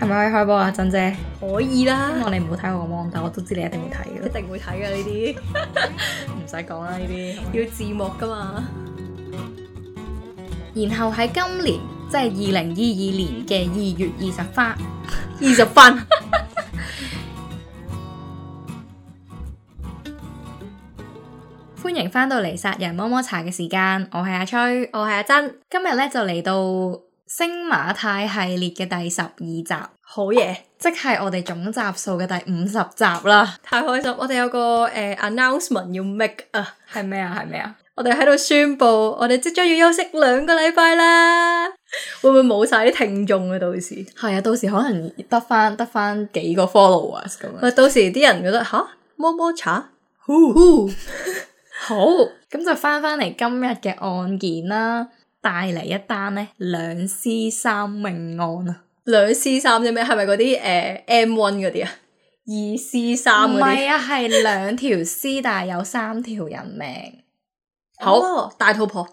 係咪可以開波啊，真姐？可以啦，希望你唔好睇我個 mon，但係我都知你一定會睇嘅，一定會睇嘅呢啲，唔使講啦，呢啲要字幕噶嘛。然後喺今年即係二零二二年嘅二月二十番，二十分，歡迎翻到嚟殺人摸摸茶嘅時間，我係阿吹，我係阿真，今日咧就嚟到，星馬泰系列嘅第十二集，好嘢耶，即係我哋總集數嘅第五十集啦，太開心！我哋有個誒、呃、announcement 要 make、uh, 啊，係咩啊？係咩啊？我哋喺度宣布，我哋即將要休息兩個禮拜啦， 會唔會冇晒啲聽眾啊？到時係 啊，到時可能得翻得翻幾個 followers 咁。喂， 到時啲人覺得吓摩摩查 who who 好咁就翻翻嚟今日嘅案件啦。帶嚟一單呢兩屍三命案啊，兩屍三啫咩？係咪嗰啲誒 M one 嗰啲啊？二屍三唔係啊，係兩條屍，但係有三條人命。好、哦、大肚婆，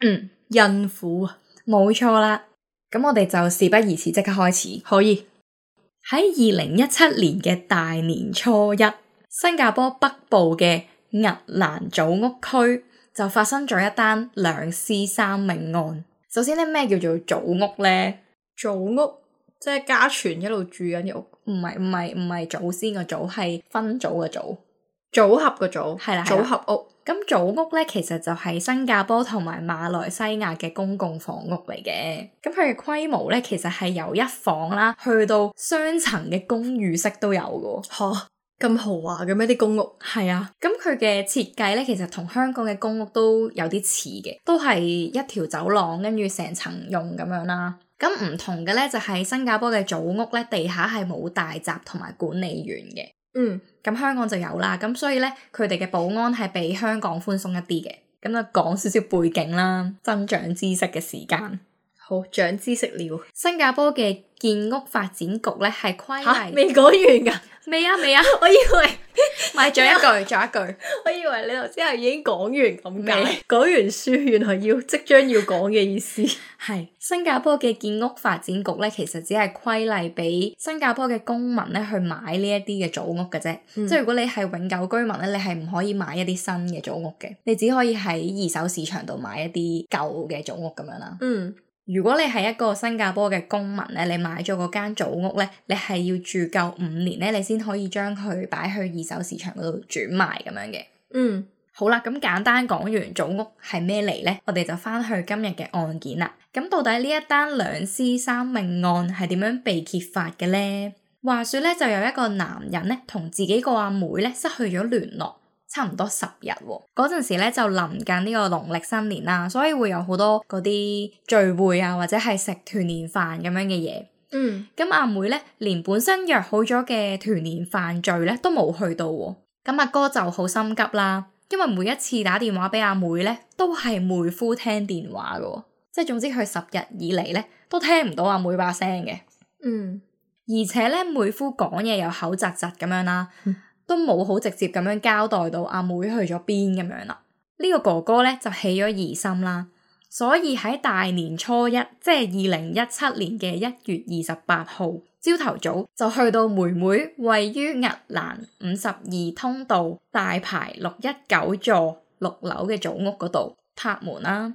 嗯，孕婦啊，冇錯啦。咁我哋就事不宜遲，即刻開始。可以喺二零一七年嘅大年初一，新加坡北部嘅兀蘭祖屋區。就發生咗一單兩屍三命案。首先咧，咩叫做祖屋咧？祖屋即係家傳一路住緊嘅屋，唔係唔係唔係祖先個祖，係分組嘅組，組合個組係啦，的組合屋。咁的祖屋咧，其實就係新加坡同埋馬來西亞嘅公共房屋嚟嘅。咁佢嘅規模咧，其實係由一房啦，去到雙層嘅公寓式都有噶 咁豪華嘅咩？啲公屋係啊，咁佢嘅設計呢，其實同香港嘅公屋都有啲似嘅，都係一條走廊，跟住成層用咁樣啦。咁唔同嘅呢，就係新加坡嘅組屋呢，地下係冇大閘同埋管理員嘅。嗯，咁香港就有啦。咁所以呢，佢哋嘅保安係比香港寬鬆一啲嘅。咁就講少少背景啦，增長知識嘅時間。好長知識了。新加坡嘅建屋發展局咧，係規例，未講完噶？未啊未啊，啊 我以為埋， 再一句再一句， 我以為你頭先係已經講完咁解，講沒完書，原來要即將要講嘅意思係 是新加坡嘅建屋發展局咧，其實只係規例俾新加坡嘅公民咧去買呢一啲嘅組屋嘅啫。嗯、即係如果你係永久居民咧，你係唔可以買一啲新嘅組屋嘅，你只可以喺二手市場度買一啲舊嘅組屋咁樣啦。嗯。如果你係一個新加坡嘅公民咧，你買咗嗰間祖屋咧，你係要住夠五年咧，你先可以將佢擺去二手市場嗰度轉賣咁樣嘅。嗯，好啦，咁簡單講完祖屋係咩嚟咧，我哋就翻去今日嘅案件啦。咁到底呢一單兩屍三命案係點樣被揭發嘅咧？話說咧，就有一個男人咧，同自己個阿妹咧失去咗聯絡。差唔多十日喎、啊，嗰陣時咧就臨近呢個農曆新年啦，所以會有好多嗰啲聚會啊，或者係食團年飯咁樣嘅嘢。嗯，咁阿妹咧連本身約好咗嘅團年飯聚咧都冇去到、啊，咁阿哥就好心急啦。因為每一次打電話俾阿妹咧，都係妹夫聽電話噶，即係總之佢十日以嚟咧都聽唔到阿妹把聲嘅。嗯，而且咧妹夫講嘢又口窒窒咁樣啦。嗯都冇好直接咁樣交代到阿妹，妹去咗邊咁樣啦，呢、這個哥哥咧就起咗疑心啦，所以喺大年初一，即係二零一七年嘅一月二十八號朝頭早就去到妹妹位於兀蘭五十二通道大牌六一九座六樓嘅祖屋嗰度拍門啦，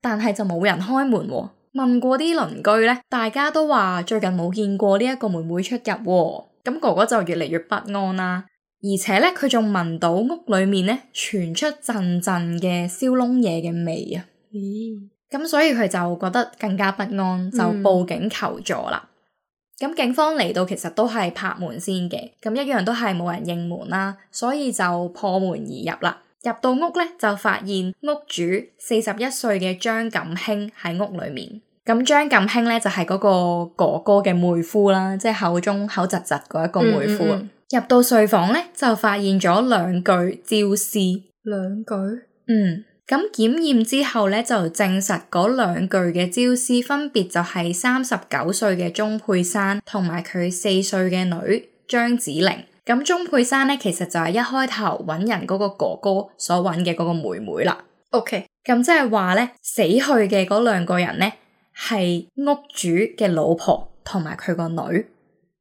但係就冇人開門，問過啲鄰居咧，大家都話最近冇見過呢一個妹妹出入，咁哥哥就越嚟越不安啦。而且咧，佢仲聞到屋裏面咧傳出陣陣嘅燒燶嘢嘅味啊！咦、嗯，咁所以佢就覺得更加不安，就報警求助啦。咁、嗯、警方嚟到其實都係拍門先嘅，咁一樣都係冇人應門啦、啊，所以就破門而入啦。入到屋咧，就發現屋主四十一歲嘅張錦興喺屋裏面。咁張錦興咧就係、是、嗰個哥哥嘅妹夫啦，即、就、係、是、口中口侄侄嗰一個妹夫。嗯嗯嗯入到睡房咧，就發現咗兩具焦屍。兩具？嗯。咁檢驗之後咧，就證實嗰兩具嘅焦屍分別就係三十九歲嘅鐘佩珊同埋佢四歲嘅女張梓玲。咁鐘佩珊咧，其實就係一開頭搵人嗰個哥哥所搵嘅嗰個妹妹啦。OK，咁即係話咧，死去嘅嗰兩個人咧，係屋主嘅老婆同埋佢個女。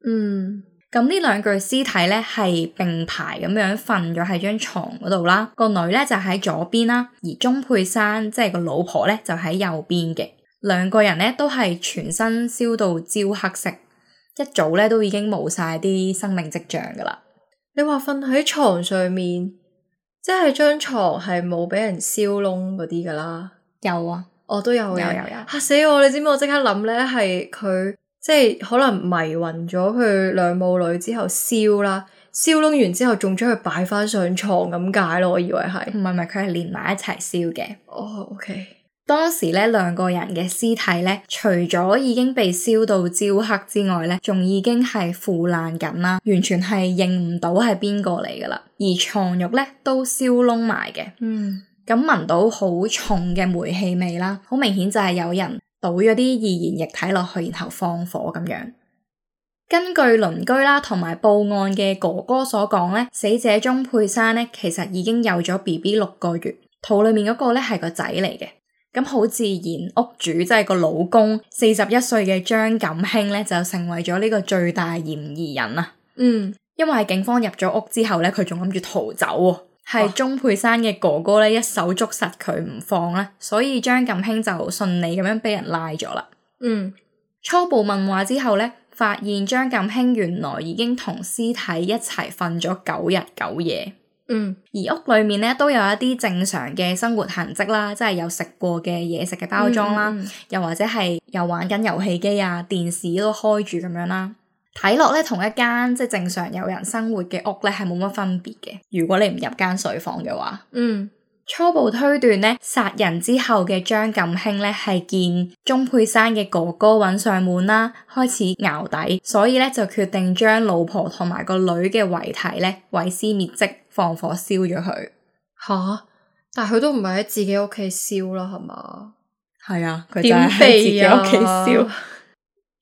嗯。嗯咁呢兩具屍體咧係並排咁樣瞓咗喺張床嗰度啦，個女咧就喺左邊啦，而鍾佩珊，即係個老婆咧就喺右邊嘅，兩個人咧都係全身燒到焦黑色，一早咧都已經冇晒啲生命跡象噶啦。你話瞓喺床上面，即係張床係冇俾人燒窿嗰啲噶啦？有啊，我都、哦、有，有有嚇死我！你知唔知我即刻諗咧係佢？即係可能迷暈咗佢兩母女之後燒啦，燒燶完之後仲將佢擺翻上床咁解咯，我以為係。唔係唔係，佢係連埋一齊燒嘅。哦，OK。當時咧兩個人嘅屍體咧，除咗已經被燒到焦黑之外咧，仲已經係腐爛緊啦，完全係認唔到係邊個嚟噶啦。而床褥咧都燒燶埋嘅。嗯。咁聞到好重嘅煤氣味啦，好明顯就係有人。倒咗啲易燃液體落去，然後放火咁樣。根據鄰居啦，同埋報案嘅哥哥所講咧，死者鍾佩珊咧其實已經有咗 B B 六個月，肚裏面嗰個咧係個仔嚟嘅。咁好自然，屋主即係、就是、個老公，四十一歲嘅張錦興咧就成為咗呢個最大嫌疑人啦。嗯，因為警方入咗屋之後咧，佢仲諗住逃走喎。係鍾佩山嘅哥哥咧，一手捉實佢唔放咧，所以張錦興就順利咁樣俾人拉咗啦。嗯，初步問話之後咧，發現張錦興原來已經同屍體一齊瞓咗九日九夜。嗯，而屋裏面咧都有一啲正常嘅生活痕跡啦，即係有食過嘅嘢食嘅包裝啦，嗯、又或者係又玩緊遊戲機啊，電視都開住咁樣啦。睇落咧，同一間即係正常有人生活嘅屋咧，係冇乜分別嘅。如果你唔入間水房嘅話，嗯，初步推斷咧，殺人之後嘅張錦興咧係見鍾佩珊嘅哥哥揾上門啦，開始淆底，所以咧就決定將老婆同埋個女嘅遺體咧毀屍滅跡，放火燒咗佢。吓！但係佢都唔係喺自己屋企燒囉，係嘛？係啊，佢就喺自己屋企燒。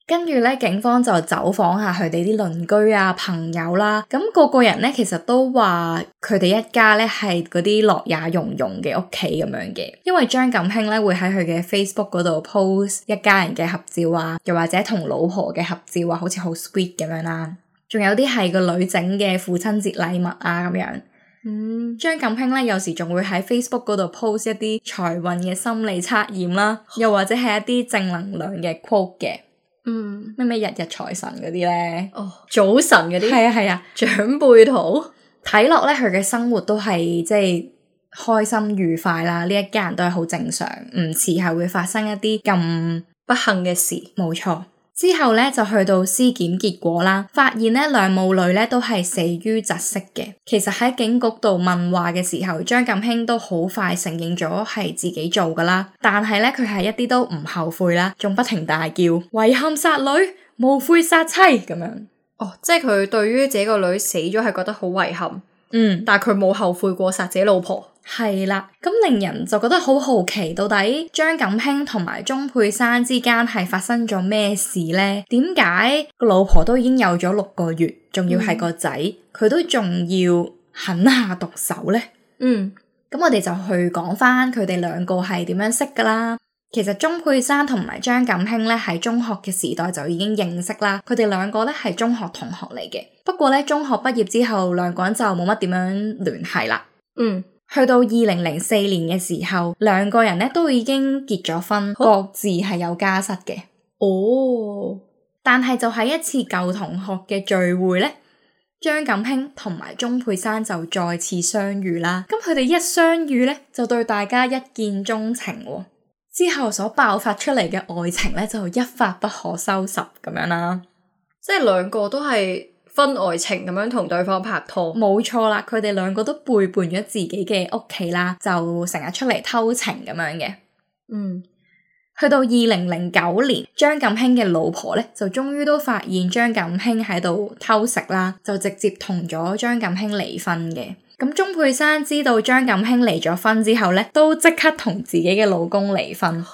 跟住咧，警方就走訪下佢哋啲鄰居啊、朋友啦、啊。咁個個人咧，其實都話佢哋一家咧係嗰啲樂也融融嘅屋企咁樣嘅。因為張錦興咧會喺佢嘅 Facebook 嗰度 post 一家人嘅合照啊，又或者同老婆嘅合照啊，好似好 sweet 咁樣啦。仲有啲係個女整嘅父親節禮物啊咁樣。嗯，張錦興咧有時仲會喺 Facebook 嗰度 post 一啲財運嘅心理測驗啦，又或者係一啲正能量嘅 quote 嘅。嗯，咩咩日日財神嗰啲咧？哦，oh, 早晨嗰啲？係啊係啊，啊長輩圖。睇落咧，佢嘅生活都係即係開心愉快啦。呢一家人都係好正常，唔似係會發生一啲咁不幸嘅事。冇錯。之後咧就去到屍檢結果啦，發現咧兩母女咧都係死於窒息嘅。其實喺警局度問話嘅時候，張錦興都好快承認咗係自己做噶啦。但係咧佢係一啲都唔後悔啦，仲不停大叫遺憾殺女，無悔殺妻咁樣。哦，即係佢對於自己個女死咗係覺得好遺憾。嗯，但係佢冇後悔過殺自己老婆，係啦。咁令人就覺得好好奇，到底張錦興同埋鍾佩珊之間係發生咗咩事咧？點解個老婆都已經有咗六個月，仲要係個仔，佢、嗯、都仲要狠下毒手咧？嗯，咁我哋就去講翻佢哋兩個係點樣識噶啦。其實鍾佩珊同埋張錦興咧，喺中學嘅時代就已經認識啦。佢哋兩個咧，係中學同學嚟嘅，不過咧，中學畢業之後，兩個人就冇乜點樣聯繫啦。嗯，去到二零零四年嘅時候，兩個人咧，都已經結咗婚，好各自係有家室嘅。哦，但係就喺一次舊同學嘅聚會咧，張錦興同埋鍾佩珊就再次相遇啦。咁佢哋一相遇咧，就對大家一見鍾情喎。之後所爆發出嚟嘅愛情咧，就一發不可收拾咁樣啦，即係兩個都係婚外情咁樣同對方拍拖，冇錯啦，佢哋兩個都背叛咗自己嘅屋企啦，就成日出嚟偷情咁樣嘅，嗯，去到二零零九年，張錦興嘅老婆咧就終於都發現張錦興喺度偷食啦，就直接同咗張錦興離婚嘅。咁鍾佩珊知道張錦興離咗婚之後咧，都即刻同自己嘅老公離婚。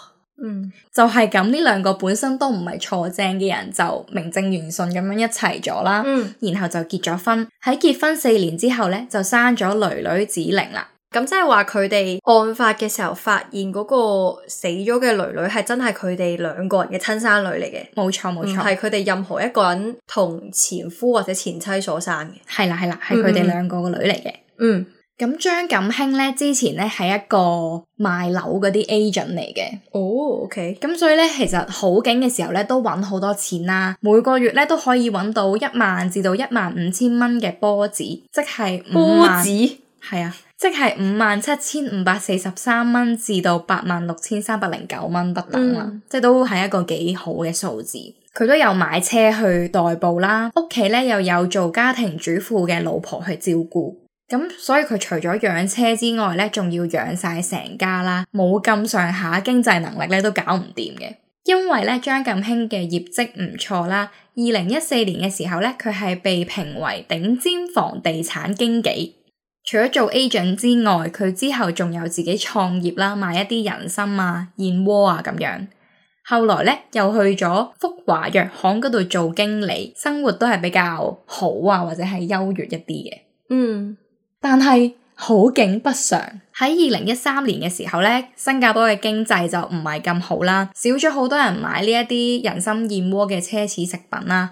嗯，就係咁呢兩個本身都唔係坐正嘅人，就名正言順咁樣一齊咗啦。嗯，然後就結咗婚。喺結婚四年之後咧，就生咗女女子玲啦。咁即係話佢哋案發嘅時候發現嗰個死咗嘅女女係真係佢哋兩個人嘅親生女嚟嘅，冇錯冇錯，唔係佢哋任何一個人同前夫或者前妻所生嘅。係啦係啦，係佢哋兩個嘅女嚟嘅，嗯。嗯，咁張錦興咧之前咧係一個賣樓嗰啲 agent 嚟嘅。哦、oh，OK。咁所以咧，其實好景嘅時候咧都揾好多錢啦，每個月咧都可以揾到一萬至到一萬五千蚊嘅波子，即係波子，係啊，即係五萬七千五百四十三蚊至到八萬六千三百零九蚊不等啦，嗯、即係都係一個幾好嘅數字。佢都有買車去代步啦，屋企咧又有做家庭主婦嘅老婆去照顧。咁所以佢除咗養車之外咧，仲要養晒成家啦，冇咁上下經濟能力咧都搞唔掂嘅。因為咧張錦興嘅業績唔錯啦，二零一四年嘅時候咧，佢係被評為頂尖房地產經紀。除咗做 agent 之外，佢之後仲有自己創業啦，賣一啲人參啊、燕窩啊咁樣。後來咧又去咗福華藥行嗰度做經理，生活都係比較好啊，或者係優越一啲嘅。嗯。但係好景不常，喺二零一三年嘅時候呢，新加坡嘅經濟就唔係咁好啦，少咗好多人買呢一啲人參燕窩嘅奢侈食品啦，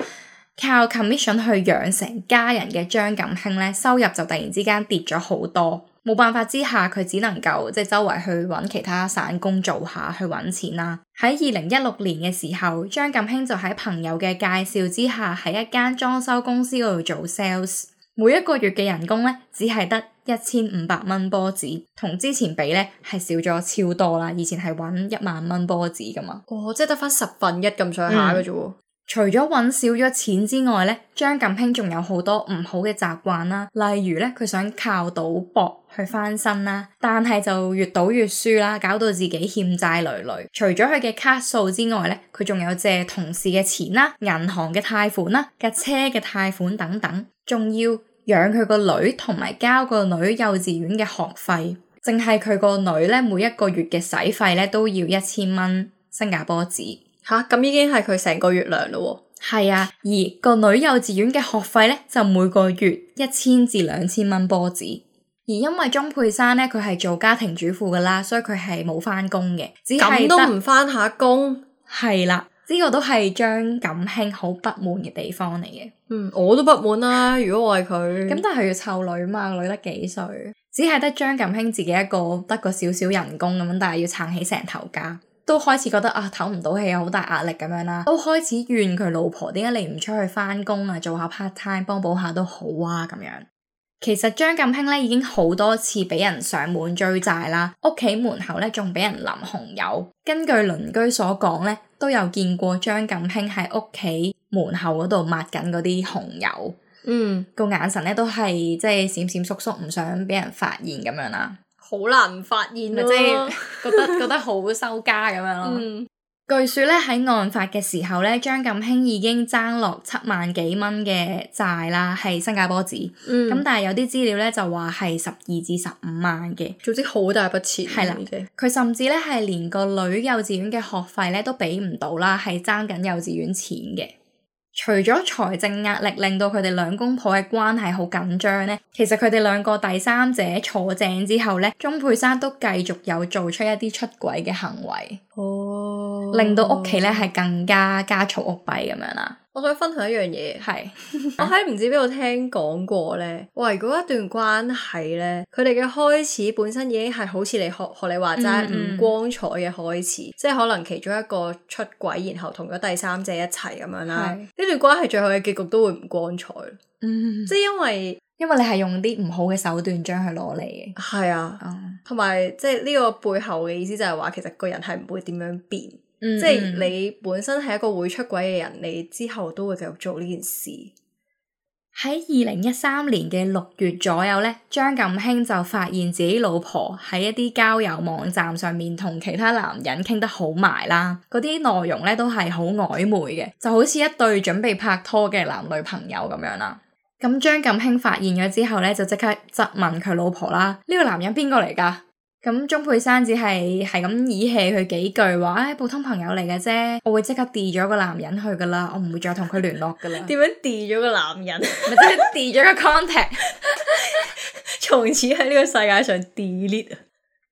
靠 commission 去養成家人嘅張錦興咧，收入就突然之間跌咗好多，冇辦法之下佢只能夠、即係、周圍去搵其他散工做下去搵錢啦。喺二零一六年嘅時候，張錦興就喺朋友嘅介紹之下，喺一間裝修公司嗰度做 sales。每一個月嘅人工咧，只係得一千五百蚊波子，同之前比咧係少咗超多啦。以前係揾一萬蚊波子噶嘛，哦，即係得翻十分一咁上下嘅啫。除咗揾少咗錢之外咧，張錦興仲有好多唔好嘅習慣啦，例如咧佢想靠賭博去翻身啦，但係就越賭越輸啦，搞到自己欠債累累。除咗佢嘅卡數之外咧，佢仲有借同事嘅錢啦、銀行嘅貸款啦、架車嘅貸款等等，仲要，養佢個女同埋交個女幼稚園嘅學費，淨係佢個女咧每一個月嘅使費咧都要一千蚊新加坡紙吓，咁已經係佢成個月糧咯喎。係啊，而個女幼稚園嘅學費咧就每個月一千至兩千蚊坡紙，而因為鐘佩珊咧佢係做家庭主婦噶啦，所以佢係冇翻工嘅，咁都唔翻下工，係啦。呢個都係張錦興好不滿嘅地方嚟嘅，嗯，我都不滿啦、啊。如果我係佢，咁 但係要湊女嘛，女得幾歲，只係得張錦興自己一個得個少少人工咁樣，但係要撐起成頭家，都開始覺得啊，唞唔到氣，好大壓力咁樣啦，都開始怨佢老婆點解你唔出去返工啊，做下 part time 幫補下都好啊咁樣。其實張錦興咧已經好多次俾人上門追債啦，屋企門口咧仲俾人淋紅油。根據鄰居所講咧，都有見過張錦興喺屋企門口嗰度抹緊嗰啲紅油。嗯，個眼神咧都係即係閃閃縮縮，唔、就是、想俾人發現咁樣啦，好難發現咯，覺得 覺得好收家咁樣咯。嗯據說咧，喺案發嘅時候咧，張錦興已經爭落七萬幾蚊嘅債啦，係新加坡紙。咁、嗯、但係有啲資料咧就話係十二至十五萬嘅，總之好大筆錢，啊。係啦的，佢在甚至咧係連個女幼稚園嘅學費咧都俾唔到啦，係爭緊幼稚園錢嘅。除咗財政壓力令到佢哋兩公婆嘅關係好緊張呢，其實佢哋兩個第三者坐正之後呢，鍾佩珊都繼續有做出一啲出軌嘅行為，哦、令到屋企咧係更加家嘈屋閉咁樣啦。我想分享一樣嘢，係是 我喺唔知邊度聽講過咧，喂，嗰一段關係咧，佢哋嘅開始本身已經係好似你學學你話齋唔光彩嘅開始，即係可能其中一個出軌，然後同咗第三者一齊咁樣啦。呢是段關係最後嘅結局都會唔光彩，嗯，即係因為因為你係用啲唔好嘅手段將佢攞嚟嘅，係、嗯、啊，同埋、哦、即係呢個背後嘅意思就係話，其實個人係唔會點樣變。嗯、即係你本身係一個會出軌嘅人，你之後都會繼續做呢件事。喺二零一三年嘅六月左右咧，張錦興就發現自己老婆喺一啲交友網站上面同其他男人傾得好埋啦，嗰啲內容咧都係好曖昧嘅，就好似一對準備拍拖嘅男女朋友咁樣啦。咁張錦興發現咗之後咧，就即刻質問佢老婆啦：呢、這個男人邊個嚟噶？咁鍾佩珊只係係咁意氣佢幾句話，唉、哎，普通朋友嚟嘅啫，我會即刻 delete 咗個男人去噶啦，我唔會再同佢聯絡噶啦。點樣 delete 咗個男人？咪即係 delete 咗個 contact，從 此喺呢個世界上 delete。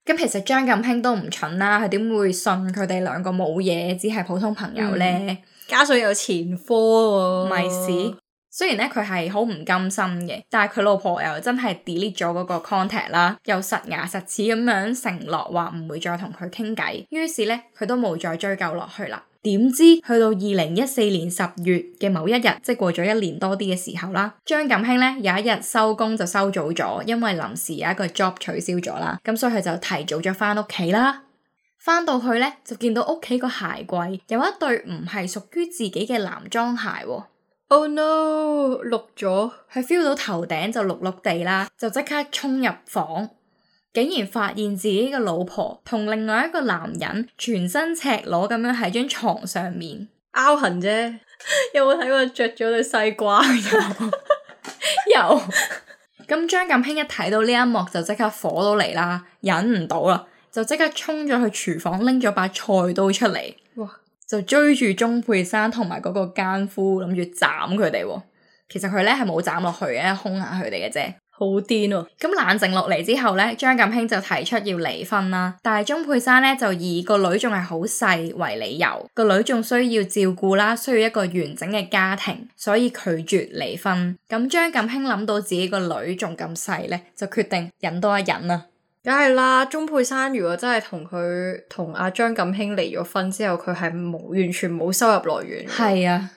咁其實張錦興都唔蠢啦，佢點會信佢哋兩個冇嘢，只係普通朋友咧？加上有前科喎、啊，咪事。 雖然呢，佢係好唔甘心嘅，但係佢老婆又真係 delete 咗嗰個 contact 啦，又實牙實齒咁樣承諾話唔會再同佢傾偈，於是呢，佢都冇再追究落去啦。點知去到二零一四年十月嘅某一日，即係過咗一年多啲嘅時候啦，張錦興呢有一日收工就收早咗，因為臨時有一個 job 取消咗啦，咁所以佢就提早咗返屋企啦。返到去呢，就見到屋企個鞋櫃有一對唔係屬於自己嘅男裝鞋哦。Oh no！綠咗，佢 feel 到頭頂就綠綠地啦，就即刻衝入房，竟然發現自己嘅老婆同另外一個男人全身赤裸咁樣喺張床上面，凹痕啫。有冇睇過着咗對西瓜？有， 有。咁張錦興一睇到呢一幕就即刻火到嚟啦，忍唔到啦，就即刻衝咗去廚房拎咗把菜刀出嚟。就追住鍾佩珊同埋嗰個奸夫諗住斬佢哋，其實佢咧係冇斬落去嘅，空下佢哋嘅啫，好癲咯、啊。咁冷靜落嚟之後咧，張錦興就提出要離婚啦，但係鐘佩珊咧就以個女仲係好細為理由，個女仲需要照顧啦，需要一個完整嘅家庭，所以拒絕離婚。咁張錦興諗到自己個女仲咁細咧，就決定忍多一忍啦。梗係啦，鍾佩珊如果真係同佢同阿張錦興離咗婚之後，佢係冇完全冇收入來源。係啊。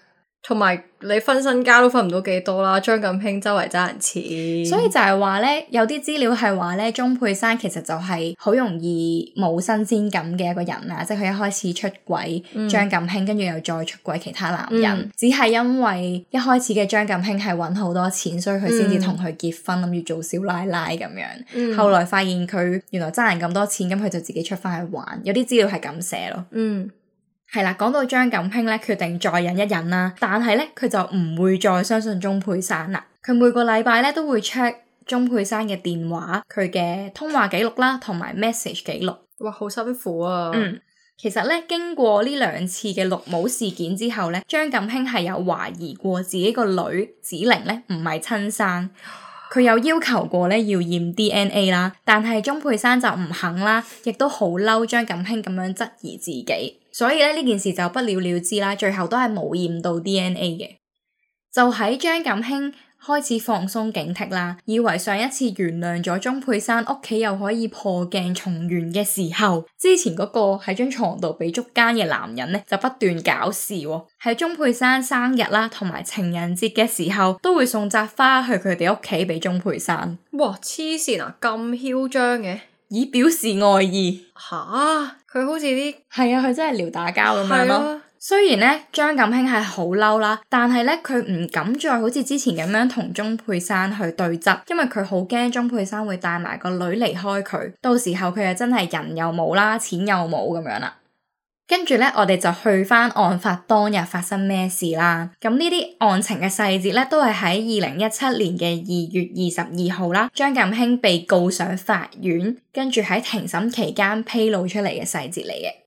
同埋你分身家都分唔到幾多啦，張錦興周圍爭人錢，所以就係話咧，有啲資料係話咧，鐘佩珊其實就係好容易冇新鮮感嘅一個人啊，即係佢一開始出軌張錦興，跟住、嗯、又再出軌其他男人，嗯、只係因為一開始嘅張錦興係揾好多錢，所以佢先至同佢結婚，諗住、嗯、做小奶奶咁樣，嗯、後來發現佢原來爭人咁多錢，咁佢就自己出翻去玩，有啲資料係咁寫咯，嗯。係啦，講到張錦興咧，決定再忍一忍啦。但係咧，佢就唔會再相信鍾佩珊啦。佢每個禮拜咧都會 check 鍾佩珊嘅電話，佢嘅通話記錄啦，同埋 message 記錄。哇，好辛苦啊！嗯，其實咧，經過呢兩次嘅綠帽事件之後咧，張錦興係有懷疑過自己個女子玲咧唔係親生，佢有要求過咧要驗 DNA 啦，但係鍾佩珊就唔肯啦，亦都好嬲張錦興咁樣質疑自己。所以呢件事就不了了之啦，最後都係冇驗到 DNA 嘅。就喺張錦興開始放鬆警惕啦，以為上一次原諒咗鍾佩珊屋企又可以破鏡重圓嘅時候，之前嗰個喺張床度被捉奸嘅男人呢，就不斷搞事喎、啊。喺鍾佩珊生日啦，同埋情人節嘅時候，都會送扎花去佢哋屋企畀鍾佩珊。哇！黐綫啊，咁囂張嘅！以表示愛意吓？佢好似啲係啊，佢真係撩打交咁樣咯。啊、雖然咧張錦興係好嬲啦，但係咧佢唔敢再好似之前咁樣同鍾佩珊去對質，因為佢好驚鍾佩珊會帶埋個女離開佢，到時候佢又真係人又冇啦，錢又冇咁樣啦。跟住呢，我哋就去翻案發當日發生咩事啦。咁呢啲案情嘅細節呢，都係喺二零一七年嘅二月二十二號啦。張錦興被告上法院，跟住喺庭審期間披露出嚟嘅細節嚟嘅。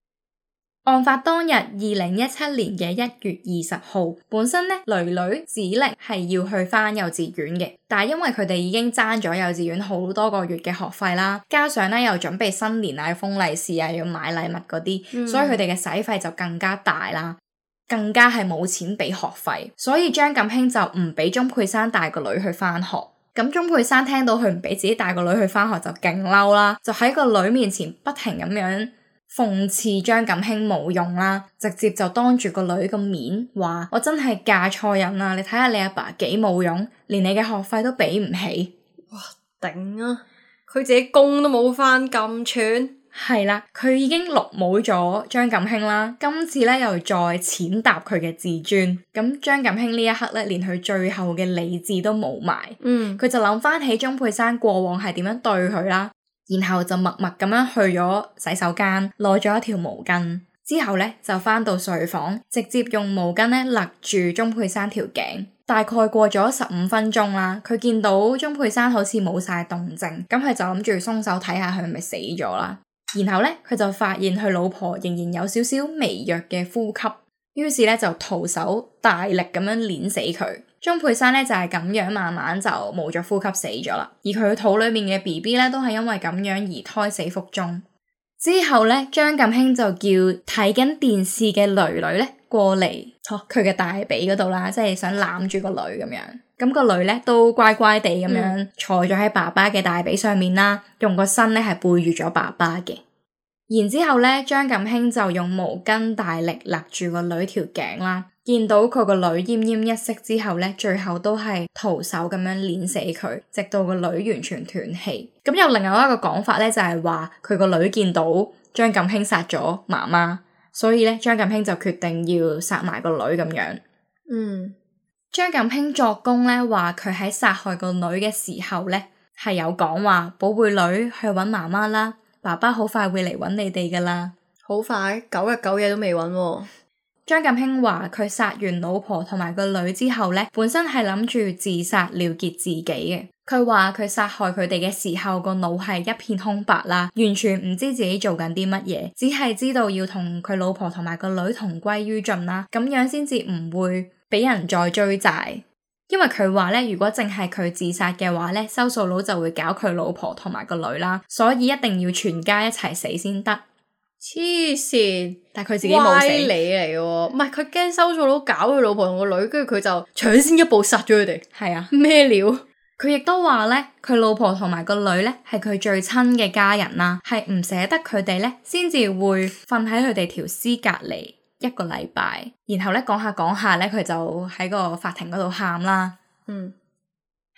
案發當日，二零一七年嘅一月二十號，本身咧，囡囡子玲係要去翻幼稚園嘅，但係因為佢哋已經爭咗幼稚園好多個月嘅學費啦，加上咧又準備新年啊、封利是啊、要買禮物嗰啲，嗯、所以佢哋嘅使費就更加大啦，更加係冇錢俾學費，所以張錦興就唔俾鍾佩珊帶個女去翻學。咁鍾佩珊聽到佢唔俾自己帶個女去翻學就勁嬲啦，就喺個女面前不停咁樣。諷刺張錦興冇用啦，直接就當住個女個面話：我真係嫁錯人啦！你睇下你阿爸幾冇用，連你嘅學費都俾唔起。哇！頂啊！佢自己工都冇翻，咁串，係啦，佢已經落冇咗張錦興啦。今次咧又再踐踏佢嘅自尊。咁張錦興呢一刻咧，連佢最後嘅理智都冇埋。嗯，佢就諗翻起鍾佩珊過往係點樣對佢啦。然後就默默咁樣去咗洗手間，攞咗一條毛巾之後呢，就返到睡房，直接用毛巾呢勒住鍾佩珊條頸。大概過咗十五分鐘啦，佢見到鍾佩珊好似冇晒動靜，咁佢就諗住鬆手睇下佢係咪死咗啦。然後呢，佢就發現佢老婆仍然有少少微弱嘅呼吸，於是呢就徒手大力咁樣碾死佢。鍾佩珊咧就係咁樣，慢慢就冇咗呼吸死咗啦。而佢肚裏面嘅 B B 咧都係因為咁樣而胎死腹中。之後咧，張錦興就叫睇緊電視嘅女女咧過嚟，坐佢嘅大髀嗰度啦，即係想攬住個女咁樣。咁、那個女咧都乖乖地咁樣、嗯、坐咗喺爸爸嘅大髀上面啦，用個身咧係背住咗爸爸嘅。然之後咧，張錦興就用毛巾大力勒住個女條頸啦。見到佢個女奄奄一息之後咧，最後都係徒手咁樣碾死佢，直到個女完全斷氣。咁有另外一個講法咧，就係話佢個女見到張錦興殺咗媽媽，所以咧張錦興就決定要殺埋個女咁樣。嗯，張錦興作供咧話佢喺殺害個女嘅時候咧，係有講話，寶貝女去揾媽媽啦，爸爸好快會嚟揾你哋噶啦。好快，九日九夜都未揾喎。張錦興話：佢殺完老婆同埋個女之後咧，本身係諗住自殺了結自己嘅。佢話佢殺害佢哋嘅時候個腦係一片空白啦，完全唔知自己做緊啲乜嘢，只係知道要同佢老婆同埋個女同歸於盡啦，咁樣先至唔會俾人再追債。因為佢話咧，如果淨係佢自殺嘅話咧，收數佬就會搞佢老婆同埋個女啦，所以一定要全家一齊死先得。黐線，但係佢自己冇死，歪理嚟嘅，唔係佢驚收數佬搞佢老婆同個女，跟住佢就搶先一步殺咗佢哋。係啊，咩料？佢亦都話咧，佢老婆同埋個女咧，係佢最親嘅家人啦，係唔捨得佢哋咧，先至會瞓喺佢哋條屍隔籬一個禮拜，然後咧講下講下咧，佢就喺個法庭嗰度喊啦。嗯。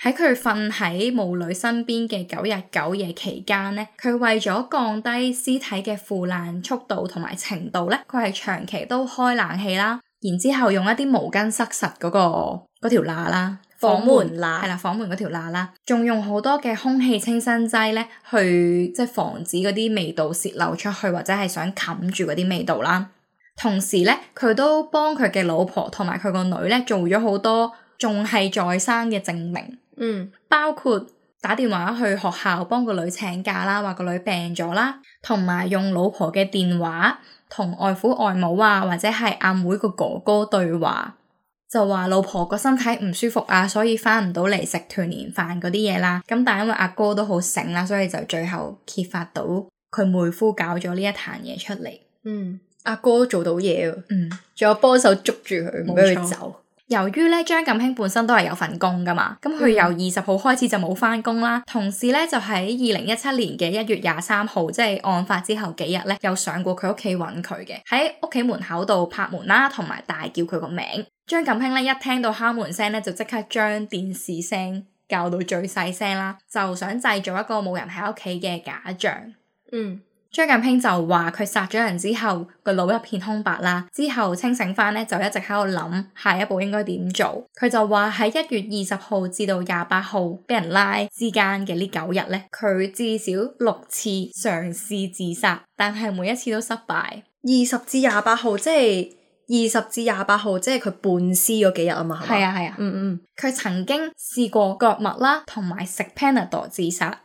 喺佢瞓喺母女身邊嘅九日九夜期間咧，佢為咗降低屍體嘅腐爛速度同埋程度咧，佢係長期都開冷氣啦，然之後用一啲毛巾塞實嗰、嗰個嗰條罅啦，房門罅係啦，房門嗰條罅啦，仲用好多嘅空氣清新劑咧，去即係防止嗰啲味道泄漏出去，或者係想冚住嗰啲味道啦。同時咧，佢都幫佢嘅老婆同埋佢個女咧做咗好多仲係在生嘅證明。嗯，包括打電話去學校幫個女請假啦，話個女病咗啦，同埋用老婆嘅電話同外父外母啊，或者係阿妹個哥哥對話，就話老婆個身體唔舒服啊，所以翻唔到嚟食團年飯嗰啲嘢啦。咁但係因為阿哥，哥都好醒啦，所以就最後揭發到佢妹夫搞咗呢一壇嘢出嚟。嗯，阿、啊、哥做到嘢，嗯，仲有幫手捉住佢，唔俾佢走。由於咧，張錦興本身都係有份工噶嘛，咁佢由二十號開始就冇翻工啦。嗯、同事咧就喺二零一七年嘅一月廿三號，即係案發之後幾日咧，有上過佢屋企搵佢嘅，喺屋企門口度拍門啦，同埋大叫佢個名。張錦興咧一聽到敲門聲咧，就即刻將電視聲校到最細聲啦，就想製造一個冇人喺屋企嘅假象。嗯。張錦興就話佢殺咗人之後個腦一片空白啦，之後清醒翻咧就一直喺度諗下一步應該點做。佢就話喺一月二十號至到廿八號俾人拉之間嘅呢九日咧，佢至少六次嘗試自殺，但係每一次都失敗。二十至廿八號即係二十至廿八號，即係佢伴屍嗰幾日啊嘛，係啊係啊，嗯、啊、嗯，佢、嗯、曾經試過割脈啦，同埋食 panadol 自殺。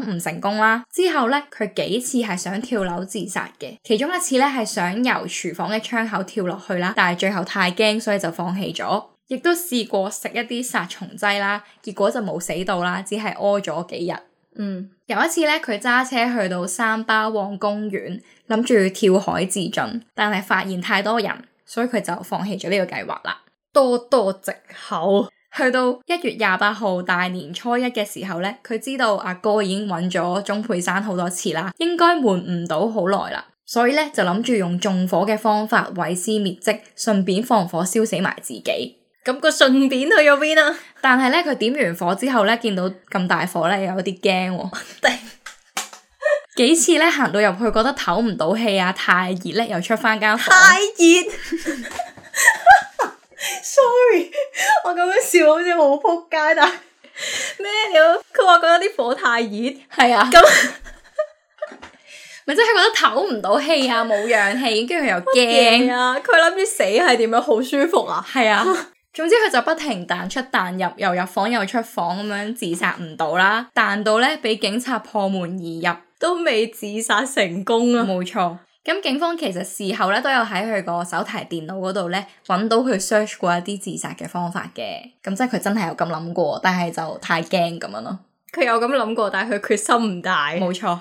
咁唔成功啦。之後咧，佢幾次係想跳樓自殺嘅，其中一次咧係想由廚房嘅窗口跳落去啦，但係最後太驚，所以就放棄咗。亦都試過食一啲殺蟲劑啦，結果就冇死到啦，只係屙咗幾日。嗯，有一次咧，佢揸車去到三巴旺公園，諗住跳海自盡，但係發現太多人，所以佢就放棄咗呢個計劃啦。多多借口。去到一月廿八號大年初一嘅時候呢，佢知道阿哥，哥已經揾咗鍾佩山好多次啦，應該瞞唔到好耐啦，所以呢，就諗住用縱火嘅方法毀屍滅迹，順便放火燒死埋自己。咁個順便去咗邊啊？但係呢，佢點完火之後呢，見到咁大火呢，有啲驚、哦。定 幾次呢，行到入去，覺得唞唔到氣啊，太熱呢，又出翻間房間。太熱熱。 sorry，我咁樣笑好似冇撲街，但係咩料？佢話覺得啲火太熱，係啊，咁咪那 即係覺得唞唔到氣啊，冇氧氣，跟住又驚，啊，佢諗住死係點樣好舒服啊，係啊， 總之佢就不停彈出彈入，又入房又出房咁樣自殺唔到啦，彈到咧俾警察破門而入，都未自殺成功啊，冇錯。咁警方其實事後咧都有喺佢個手提電腦嗰度咧，揾到佢 search 過一啲自殺嘅方法嘅。咁即係佢真係有咁諗過，但係就太驚咁樣咯。佢有咁諗過，但係佢決心唔大。冇錯。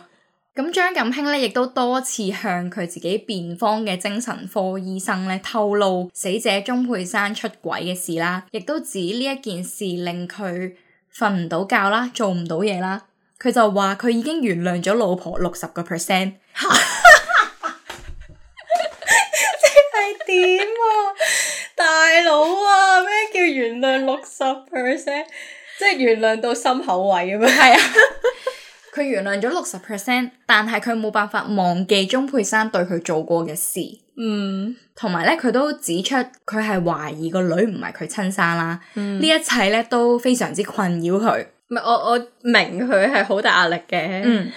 咁張錦興咧，亦都多次向佢自己辯方嘅精神科醫生咧，透露死者鍾佩珊出軌嘅事啦，亦都指呢一件事令佢瞓唔到覺啦，做唔到嘢啦。佢就話佢已經原諒咗老婆六十個 percent。 點、 啊、大佬啊，咩叫原諒六十 percent？即係原諒到心口位咁樣，係啊。 佢原諒咗六十 percent，但係佢冇辦法忘記鍾佩珊對佢做過嘅事。嗯，同埋咧，佢都指出佢係懷疑個女唔係佢親生啦。呢、嗯、一切咧都非常之困擾佢。唔係，我我明佢係好大壓力嘅。嗯，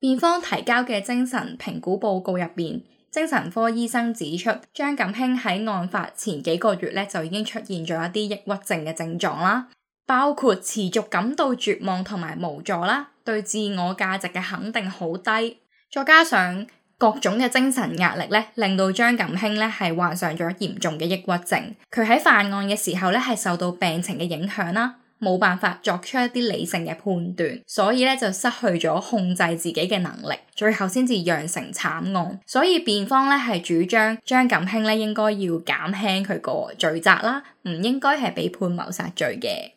辯方提交嘅精神評估報告入邊。精神科醫生指出，張錦興喺案發前幾個月呢就已經出現咗一啲抑鬱症嘅症狀啦，包括持續感到絕望同埋無助啦，對自我價值嘅肯定好低，再加上各種嘅精神壓力呢，令到張錦興呢係患上咗嚴重嘅抑鬱症，佢喺犯案嘅時候呢，係受到病情嘅影響啦。冇辦法作出一啲理性嘅判斷，所以咧就失去咗控制自己嘅能力，最後先至釀成慘案。所以辯方咧係主張張錦興咧應該要減輕佢個罪責啦，唔應該係被判謀殺罪嘅。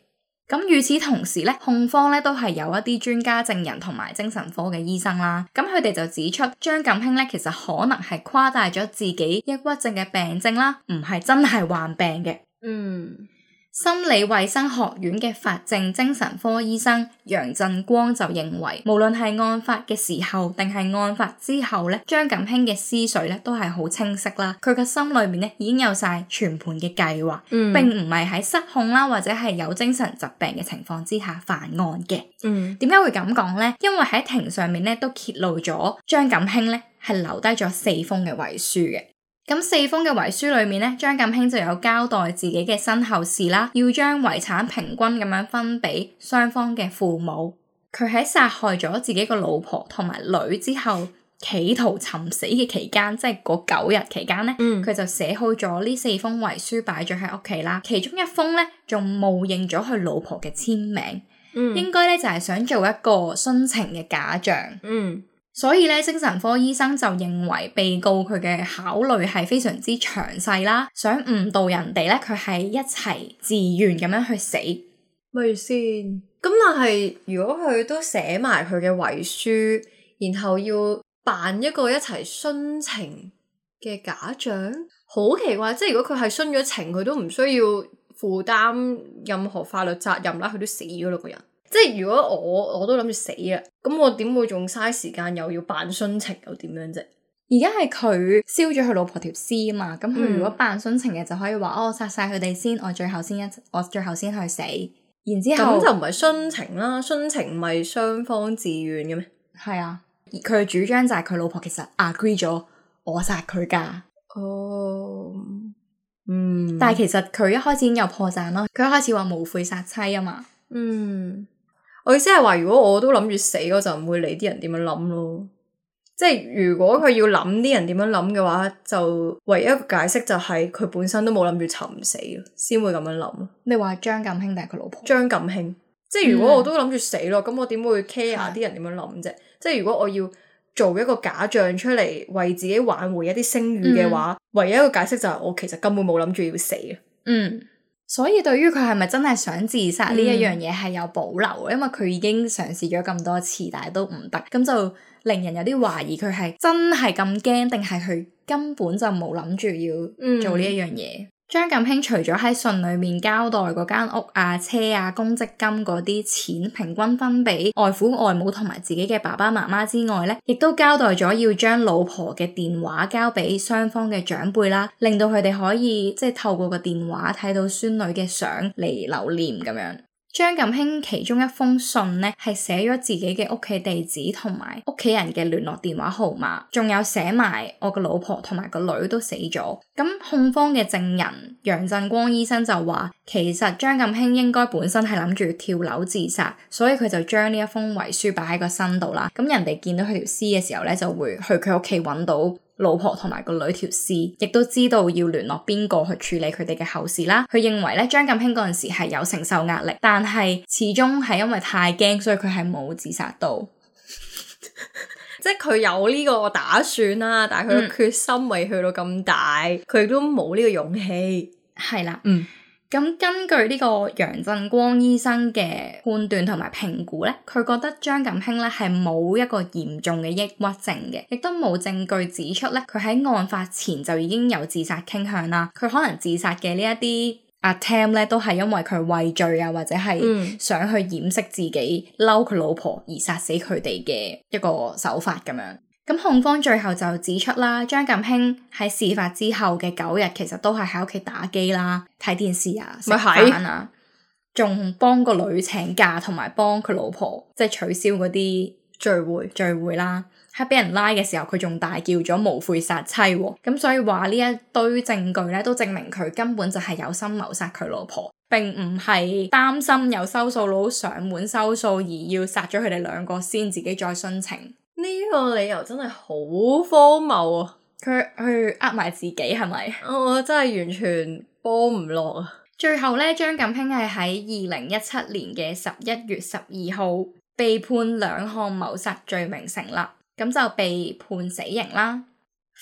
咁與此同時咧，控方咧都係有一啲專家證人同埋精神科嘅醫生啦。咁佢哋就指出張錦興咧其實可能係誇大咗自己抑鬱症嘅病症啦，唔係真係患病嘅。嗯。心理衛生學院嘅法證精神科醫生楊振光就認為，無論係案發嘅時候定係案發之後咧，張錦興嘅思緒咧都係好清晰啦，佢嘅心裏面咧已經有晒全盤嘅計劃，嗯、並唔係喺失控啦或者係有精神疾病嘅情況之下犯案嘅。點解、嗯、會咁講咧？因為喺庭上面咧都揭露咗張錦興咧係留低咗四封嘅遺書嘅。咁四封嘅遺書裏面咧，張錦興就有交代自己嘅身後事啦，要將遺產平均咁樣分俾雙方嘅父母。佢喺殺害咗自己個老婆同埋女之後，企圖尋死嘅期間，即係嗰九日期間咧，佢、嗯、就寫好咗呢四封遺書，擺咗喺屋企啦。其中一封咧，仲冒認咗佢老婆嘅簽名，嗯、應該咧就係、是、想做一個殉情嘅假象。嗯所以咧，精神科醫生就認為被告佢嘅考慮係非常之詳細啦，想誤導人哋咧，佢係一齊自願咁樣去死。咩先？咁但係如果佢都寫埋佢嘅遺書，然後要扮一個一齊殉情嘅假象，好奇怪。即係如果佢係殉咗情，佢都唔需要負擔任何法律責任啦，佢都死咗兩個人。即係如果我我都諗住死啊，咁我點會仲嘥時間又要扮殉情又點樣啫？而家係佢燒咗佢老婆條屍嘛，咁佢如果扮殉情嘅就可以話、嗯、哦，殺晒佢哋先，我最後先一我最後先去死，然之後咁就唔係殉情啦，殉情唔係雙方自願嘅咩？係啊，而佢嘅主張就係佢老婆其實 agree 咗我殺佢噶，哦，嗯，但係其實佢一開始已經有破綻咯，佢一開始話無悔殺妻啊嘛，嗯。我意思係話，如果我都諗住死，我就唔會理啲人點樣諗咯。即係如果佢要諗啲人點樣諗嘅話，就唯一一個解釋就係、是、佢本身都冇諗住尋死，先會咁樣諗咯。你話張錦興定係佢老婆？張錦興，即係如果我都諗住死咯，咁、嗯、我點會 care 下啲人點樣諗啫？的即係如果我要做一個假象出嚟為自己挽回一啲聲譽嘅話，嗯、唯一一個解釋就係、是、我其實根本冇諗住要死。嗯。所以，對於佢係咪真係想自殺呢一樣嘢，係有保留，嗯、因為佢已經嘗試咗咁多次，但係都唔得，咁就令人有啲懷疑佢係真係咁驚，定係佢根本就冇諗住要做呢一樣嘢。嗯。張錦興除咗喺信裏面交代嗰間屋啊、車啊、公積金嗰啲錢平均分俾外父外母同埋自己嘅爸爸媽媽之外呢，呢亦都交代咗要將老婆嘅電話交俾雙方嘅長輩啦，令到佢哋可以即係、就是、透過個電話睇到孫女嘅相嚟留念咁樣。張錦興其中一封信呢，係寫咗自己嘅屋企地址同埋屋企人嘅聯絡電話號碼，仲有寫埋我個老婆同埋個女都死咗。咁控方嘅證人楊振光醫生就話，其實張錦興應該本身係諗住跳樓自殺，所以佢就將呢一封遺書擺喺個身度啦。咁人哋見到佢條屍嘅時候呢，就會去佢屋企揾到。老婆同埋個女條屍，亦都知道要聯絡邊個去處理佢哋嘅後事啦。佢認為咧，張錦興嗰陣時係有承受壓力，但係始終係因為太驚，所以佢係冇自殺到。 即係佢有呢個打算、啊嗯、個啦，但係佢嘅決心未去到咁大，佢都冇呢個勇氣。係啦，嗯。咁根據呢個楊振光醫生嘅判斷同埋評估咧，佢覺得張錦興咧係冇一個嚴重嘅抑鬱症嘅，亦都冇證據指出咧佢喺案發前就已經有自殺傾向啦。佢可能自殺嘅呢一啲阿 t t m p 咧，都係因為佢畏罪啊，或者係想去掩飾自己嬲佢老婆而殺死佢哋嘅一個手法咁樣。咁控方最後就指出啦，張錦興喺事發之後嘅九日，其實都係喺屋企打機啦、睇電視啊、食飯啊，仲幫個女請假，同埋幫佢老婆即係取消嗰啲聚會、聚會啦。喺俾人拉嘅時候，佢仲大叫咗無悔殺妻啊。咁所以話呢一堆證據咧，都證明佢根本就係有心謀殺佢老婆，並唔係擔心有收數佬上門收數而要殺咗佢哋兩個先自己再殉情。呢個理由真係好荒謬啊！佢去呃埋自己係咪、啊？我真係完全波唔落啊！最後呢，張錦興係喺二零一七年嘅十一月十二號被判兩項謀殺罪名成立，咁就被判死刑啦。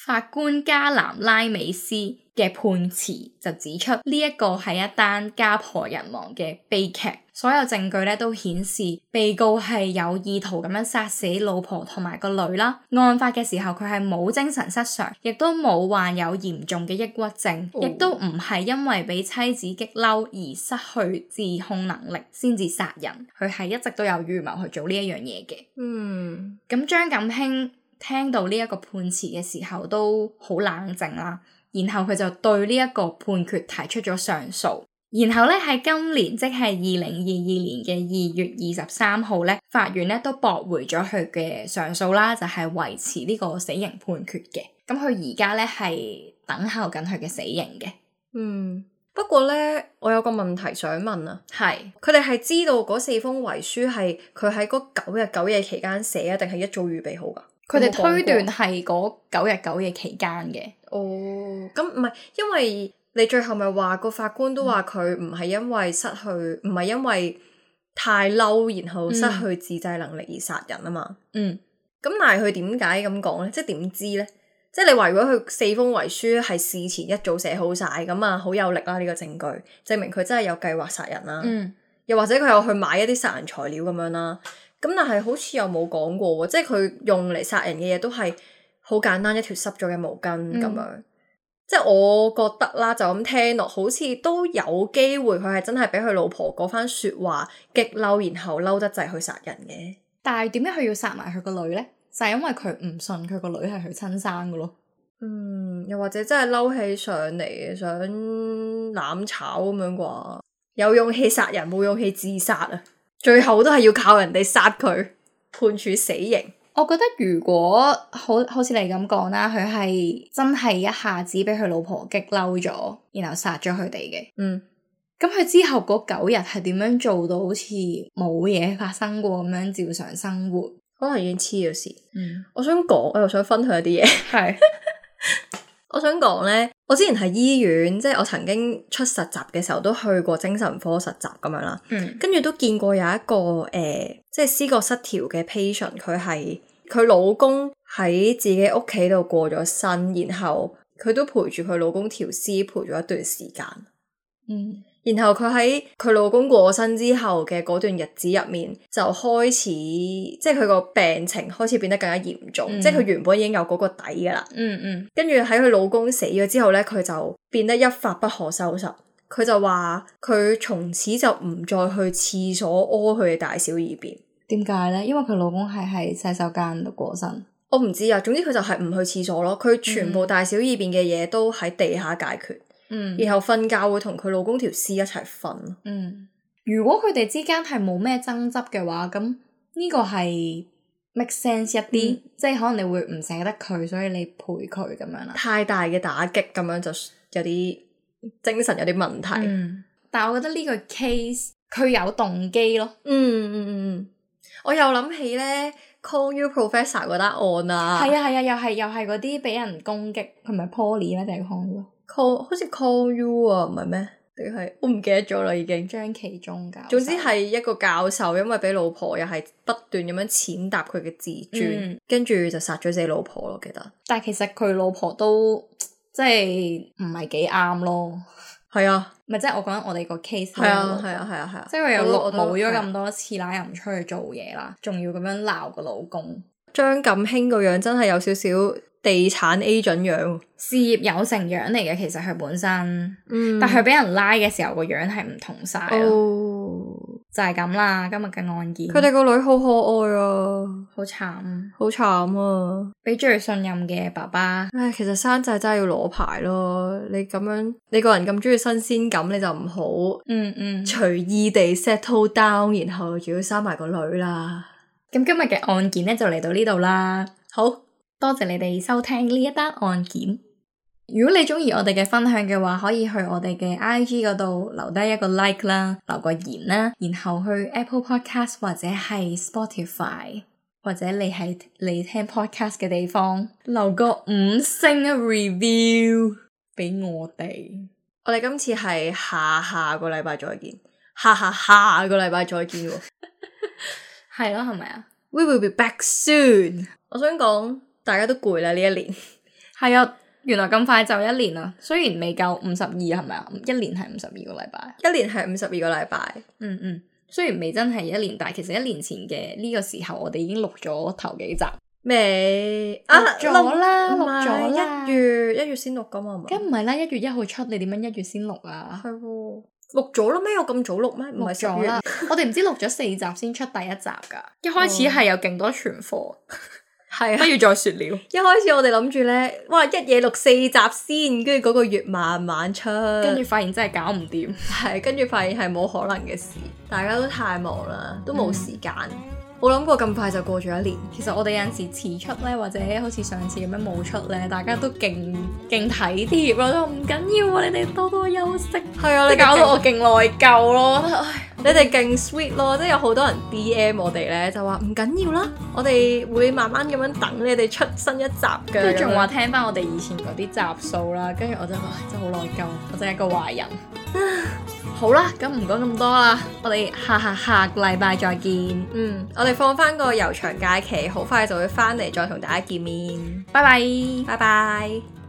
法官加南拉美斯嘅判詞就指出呢一個係一單家破人亡嘅悲劇，所有證據咧都顯示被告係有意圖咁樣殺死老婆同埋個女啦。案發嘅時候，佢係冇精神失常，亦都冇患有嚴重嘅抑鬱症，亦、oh. 都唔係因為俾妻子激嬲而失去自控能力先至殺人。佢係一直都有預謀去做呢一樣嘢嘅。嗯，咁張錦興聽到呢一個判詞嘅時候都好冷靜啦。然後佢就對呢一個判決提出咗上訴，然後咧喺今年即係二零二二年嘅二月二十三號咧，法院咧都駁回咗佢嘅上訴啦，就係維持呢個死刑判決嘅。咁佢而家咧係等候緊佢嘅死刑嘅。嗯，不過咧我有個問題想問啊，係佢哋係知道嗰四封遺書係佢喺嗰九日九夜期間寫啊，定係一早預備好噶？佢哋推斷係嗰九日九夜期間嘅。哦，咁唔係，因為你最後咪話個法官都話佢唔係因為失去，唔係、嗯、因為太嬲，然後失去自制能力而殺人啊嘛。嗯。咁但係佢點解咁講咧？即係點知咧？即係你話如果佢四封遺書係事前一早寫好晒咁啊，好有力啦！呢個證據證明佢真係有計劃殺人啦。嗯。又或者佢有去買一啲殺人材料咁樣啦。咁但係好似又冇講過，即係佢用嚟殺人嘅嘢都係好簡單，一條濕咗嘅毛巾咁樣，嗯、即係我覺得啦，就咁聽落，好似都有機會佢係真係俾佢老婆嗰番說話激嬲，然後嬲得滯去殺人嘅。但係點解佢要殺埋佢個女呢？就係、是、因為佢唔信佢個女係佢親生噶咯。嗯，又或者真係嬲起上嚟想攬炒咁樣啩？有勇氣殺人，冇勇氣自殺啊！最後都係要靠人哋殺佢判處死刑。我覺得如果好好似你咁講啦，佢係真係一下子畀佢老婆激嬲咗，然後殺咗佢哋嘅。嗯，咁佢之後嗰九日係點樣做到好似冇嘢發生過咁樣？照常生活可能已經黐咗線。嗯，我想講，我又想分享一啲嘢。係是， 我想講咧。我之前喺醫院，即、就、係、是、我曾經出實習嘅時候，都去過精神科實習咁樣啦。嗯、跟住都見過有一個誒、呃，即係思覺失調嘅 patient，佢係佢老公喺自己屋企度過咗身，然後佢都陪住佢老公條屍，陪咗一段時間。嗯。然後佢喺佢老公過身之後嘅嗰段日子入面，就開始即係佢個病情開始變得更加嚴重，嗯、即係佢原本已經有嗰個底噶啦、嗯。嗯嗯，跟住喺佢老公死咗之後咧，佢就變得一發不可收拾。佢就話佢從此就唔再去廁所屙佢嘅大小二便。點解咧？因為佢老公係喺洗手間度過身。我唔知啊，總之佢就係唔去廁所咯。佢全部大小二便嘅嘢都喺地下解決。嗯嗯嗯、然後瞓覺會同佢老公條屍一齊瞓。嗯，如果佢哋之間係冇咩爭執嘅話，咁呢個係 make sense 一啲，嗯、即係可能你會唔捨得佢，所以你陪佢咁樣啦。太大嘅打擊咁樣就有啲精神有啲問題。嗯、但係我覺得呢個 case 佢有動機咯。嗯嗯嗯嗯，我又諗起咧，Call U Professor 嗰單案啊。係啊，係啊，又係又係嗰啲俾人攻擊，佢咪 Poly 咧，定係 Call call 好似 call you 啊，唔係咩？定係我唔記得咗啦，已經張其中教授。總之係一個教授，因為俾老婆又係不斷咁樣踐踏佢嘅自尊，跟住、嗯、就殺咗自己老婆咯。我記得。但係其實佢老婆都即係唔係幾啱咯。係啊，咪即係我講我哋個 case。係啊係啊係啊係啊，啊啊啊啊即係佢又冇咗咁多次啦，啊、又唔出去做嘢啦，仲要咁樣鬧個老公。張錦興個樣真係有少少。地產 agent 樣，事業有成樣嚟嘅。其實佢本身，嗯、但係佢俾人拉嘅時候個樣係唔同晒咯，哦、就係咁啦。今日嘅案件，佢哋個女好可愛啊，好慘，好慘啊！畀最信任嘅爸爸。唉，其實生仔真係要攞牌咯，你咁樣，你個人咁中意新鮮感，你就唔好，嗯嗯，隨意地 settle down，然後仲要生埋個女啦。咁今日嘅案件咧就嚟到呢度啦，好。好多謝你哋收聽呢一單案件。如果你鍾意我哋嘅分享嘅話，可以去我哋嘅 IG 嗰度留低一個 like 啦，留個言啦，然後去 Apple Podcast 或者係 Spotify 或者你喺你聽 podcast 嘅地方留個五星 review 俾我哋。我哋今次係下下個禮拜再見，下下下個禮拜再見，係咯，係咪啊？We will be back soon。我想講。大家都攰啦，呢一年，係 啊，原來咁快就一年啦。雖然未夠五十二，係咪啊？一年係五十二個禮拜，一年係五十二個禮拜。嗯嗯，雖然未真係一年，但係其實一年前嘅呢個時候，我哋已經錄咗頭幾集。未錄咗、啊、啦，錄咗。一月，一月先錄噶嘛？咁唔係啦，一是月一號出，你點樣一月先錄啊？係喎、哦，錄咗啦咩？我咁早錄咩？唔係十月，我哋唔知錄咗四集先出第一集噶。 一開始係有勁多存貨。 係啊，不要再說了。一開始我哋諗住呢，「哇，一嘢錄四集先，跟住嗰個月慢慢出」。跟住發現真係搞唔掂，係跟住發現係冇可能嘅事，大家都太忙啦，都冇時間。嗯冇諗過咁快就過咗一年，其實我哋有陣時遲出呢，或者好似上次咁樣冇出呢，大家都勁勁體貼咯，都唔緊要，你哋多多休息。係啊，你搞到我勁內疚咯， 你哋勁 sweet 咯，即係有好多人 D M 我哋呢，就話唔緊要啦，我哋會慢慢咁樣等你哋出新一集嘅。跟住仲話聽翻我哋以前嗰啲集數啦，跟住我就話真係好內疚，我真係一個壞人。好啦，咁唔講咁多啦，我哋下下下個禮拜再見。嗯，我哋放翻個悠長假期，好快就會翻嚟再同大家見面。拜拜，拜拜。